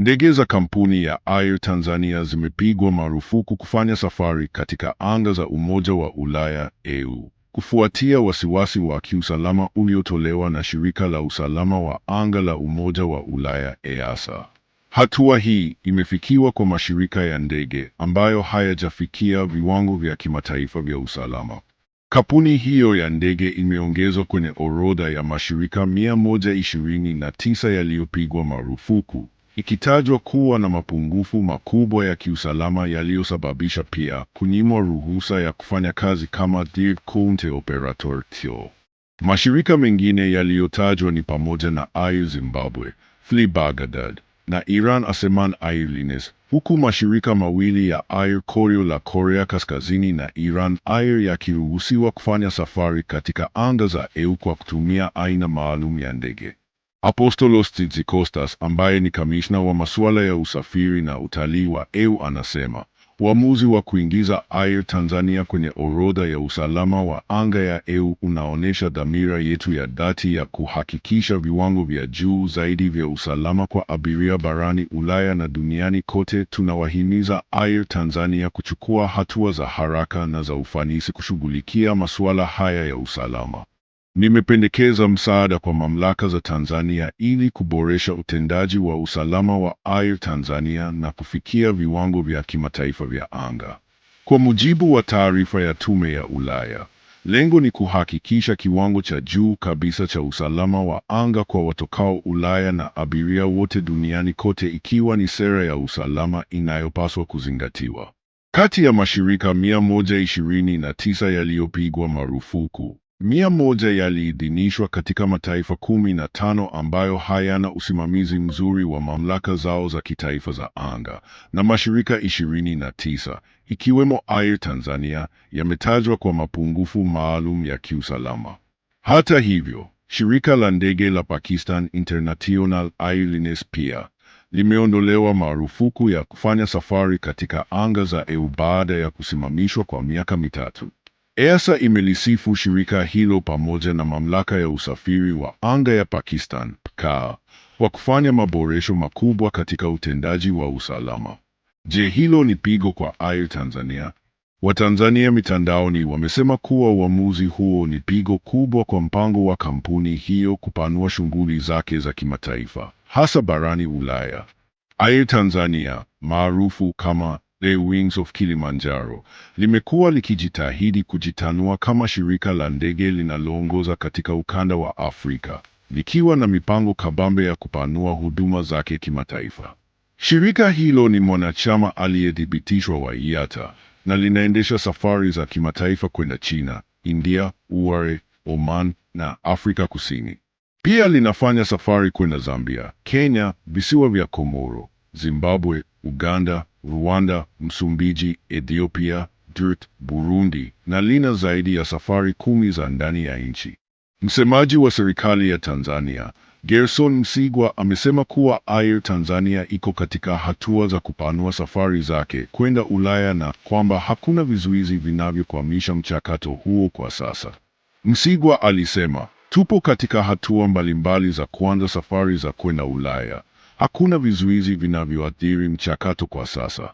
Ndege za kampuni ya Air Tanzania zimepigwa marufuku kufanya safari katika anga za Umoja wa Ulaya EU kufuatia wasiwasi wa kiusalama uliotolewa na Shirika la Usalama wa Anga la Umoja wa Ulaya EASA. Hatua hii imefikiwa kwa mashirika ya ndege ambayo hayajafikia viwango vya kimataifa vya usalama. Kampuni hiyo ya ndege imeongezwa kwenye orodha ya mashirika 129 yaliyopigwa marufuku ikitajwa kuwa na mapungufu makubwa ya kiusalama yaliyosababisha pia kunyimwa ruhusa ya kufanya kazi kama DIR Conte tio Mashirika mengine yaliyotajwa ni pamoja na Ayu Zimbabwe, fli Bagadad na Iran Aseman Airlines, huku mashirika mawili ya Air Koryo la Korea Kaskazini na Iran Air yakiruhusiwa kufanya safari katika anga za EU kwa kutumia aina maalum ya ndege. Apostolos Tsikostas ambaye ni kamishna wa masuala ya usafiri na utalii wa EU anasema uamuzi wa kuingiza Air Tanzania kwenye orodha ya usalama wa anga ya EU unaonyesha dhamira yetu ya dhati ya kuhakikisha viwango vya juu zaidi vya usalama kwa abiria barani Ulaya na duniani kote. Tunawahimiza Air Tanzania kuchukua hatua za haraka na za ufanisi kushughulikia masuala haya ya usalama. Nimependekeza msaada kwa mamlaka za Tanzania ili kuboresha utendaji wa usalama wa Air Tanzania na kufikia viwango vya kimataifa vya anga. Kwa mujibu wa taarifa ya Tume ya Ulaya, lengo ni kuhakikisha kiwango cha juu kabisa cha usalama wa anga kwa watokao Ulaya na abiria wote duniani kote, ikiwa ni sera ya usalama inayopaswa kuzingatiwa. Kati ya mashirika 129 yaliyopigwa marufuku, mia moja yaliidhinishwa katika mataifa kumi na tano ambayo hayana usimamizi mzuri wa mamlaka zao za kitaifa za anga, na mashirika ishirini na tisa ikiwemo Air Tanzania yametajwa kwa mapungufu maalum ya kiusalama. Hata hivyo, shirika la ndege la Pakistan International Airlines pia limeondolewa marufuku ya kufanya safari katika anga za EU baada ya kusimamishwa kwa miaka mitatu. EASA imelisifu shirika hilo pamoja na mamlaka ya usafiri wa anga ya Pakistan pka kwa kufanya maboresho makubwa katika utendaji wa usalama. Je, hilo ni pigo kwa Air Tanzania? Watanzania mitandaoni wamesema kuwa uamuzi huo ni pigo kubwa kwa mpango wa kampuni hiyo kupanua shughuli zake za kimataifa, hasa barani Ulaya. Air Tanzania maarufu kama The Wings of Kilimanjaro limekuwa likijitahidi kujitanua kama shirika la ndege linaloongoza katika ukanda wa Afrika, likiwa na mipango kabambe ya kupanua huduma zake kimataifa. Shirika hilo ni mwanachama aliyethibitishwa wa IATA na linaendesha safari za kimataifa kwenda China, India, Uare, Oman na Afrika Kusini. Pia linafanya safari kwenda Zambia, Kenya, visiwa vya Komoro, Zimbabwe Uganda, Rwanda, Msumbiji, Ethiopia, Dirt, Burundi na lina zaidi ya safari kumi za ndani ya nchi. Msemaji wa serikali ya Tanzania, Gerson Msigwa, amesema kuwa Air Tanzania iko katika hatua za kupanua safari zake kwenda Ulaya na kwamba hakuna vizuizi vinavyokwamisha mchakato huo kwa sasa. Msigwa alisema, tupo katika hatua mbalimbali za kuanza safari za kwenda Ulaya Hakuna vizuizi vinavyoathiri mchakato kwa sasa.